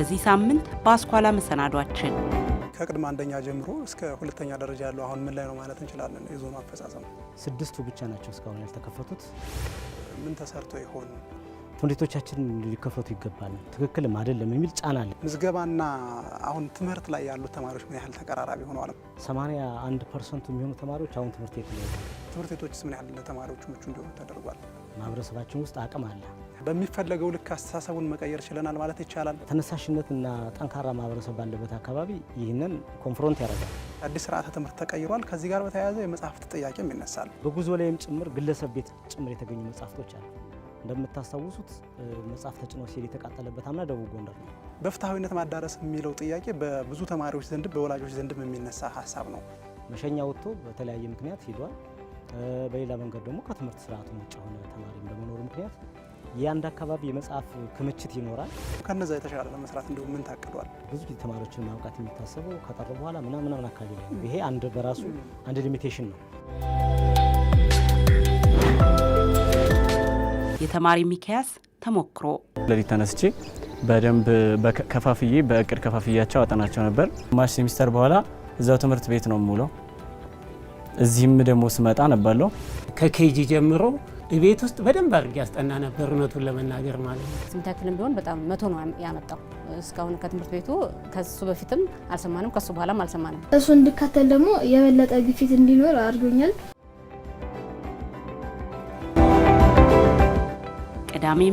በዚህ ሳምንት በአስኳላ መሰናዷችን ከቅድመ አንደኛ ጀምሮ እስከ ሁለተኛ ደረጃ ያለው አሁን ምን ላይ ነው ማለት እንችላለን? የዞኑ አፈጻጸም ስድስቱ ብቻ ናቸው እስካሁን ያልተከፈቱት። ምን ተሰርቶ ይሆን? ቤቶቻችን ሊከፈቱ ይገባል፣ ትክክልም አይደለም የሚል ጫና አለ። ምዝገባና አሁን ትምህርት ላይ ያሉት ተማሪዎች ምን ያህል ተቀራራቢ ሆነዋል? 81 ፐርሰንቱ የሚሆኑ ተማሪዎች አሁን ትምህርት ቤት ትምህርት ቤቶችስ ምን ያህል ለተማሪዎቹ ምቹ እንዲሆኑ ተደርጓል? ማህበረሰባችን ውስጥ አቅም አለ በሚፈለገው ልክ አስተሳሰቡን መቀየር ችለናል ማለት ይቻላል። ተነሳሽነትና ጠንካራ ማህበረሰብ ባለበት አካባቢ ይህንን ኮንፍሮንት ያደርጋል። አዲስ ስርዓተ ትምህርት ተቀይሯል። ከዚህ ጋር በተያያዘ የመጽሐፍት ጥያቄም ይነሳል። በጉዞ ላይም ጭምር ግለሰብ ቤት ጭምር የተገኙ መጽሐፍቶች አሉ። እንደምታስታውሱት መጽሐፍ ተጭኖ ሲሄድ የተቃጠለበት አምና ደቡብ ጎንደር ነው። በፍትሐዊነት ማዳረስ የሚለው ጥያቄ በብዙ ተማሪዎች ዘንድ በወላጆች ዘንድም የሚነሳ ሀሳብ ነው። መሸኛ ወጥቶ በተለያየ ምክንያት ሂዷል። በሌላ መንገድ ደግሞ ከትምህርት ስርዓቱ ውጭ የሆነ ተማሪ በመኖሩ ምክንያት የአንድ አካባቢ የመጽሐፍ ክምችት ይኖራል። ከነዛ የተሻለ ለመስራት እንደ ምን ታቅዷል? ብዙ ጊዜ ተማሪዎችን ማብቃት የሚታሰበው ከጠሩ በኋላ ምናምን ምናምን አካባቢ ላይ ይሄ አንድ በራሱ አንድ ሊሚቴሽን ነው። የተማሪ ሚካያስ ተሞክሮ ለሊት ተነስቼ በደንብ ከፋፍዬ በእቅድ ከፋፍያቸው አጠናቸው ነበር። ማሽ ሴሚስተር በኋላ እዛው ትምህርት ቤት ነው የምውለው። እዚህም ደግሞ ስመጣ ነበለው ከኬጂ ጀምሮ ቤት ውስጥ በደንብ አድርግ ያስጠና ነበር፣ እውነቱን ለመናገር ማለት ነው። ስንታክልም ቢሆን በጣም መቶ ነው ያመጣው እስካሁን ከትምህርት ቤቱ። ከሱ በፊትም አልሰማንም፣ ከሱ በኋላም አልሰማንም። እሱ እንድካተል ደግሞ የበለጠ ግፊት እንዲኖር አድርጎኛል። ቅዳሜ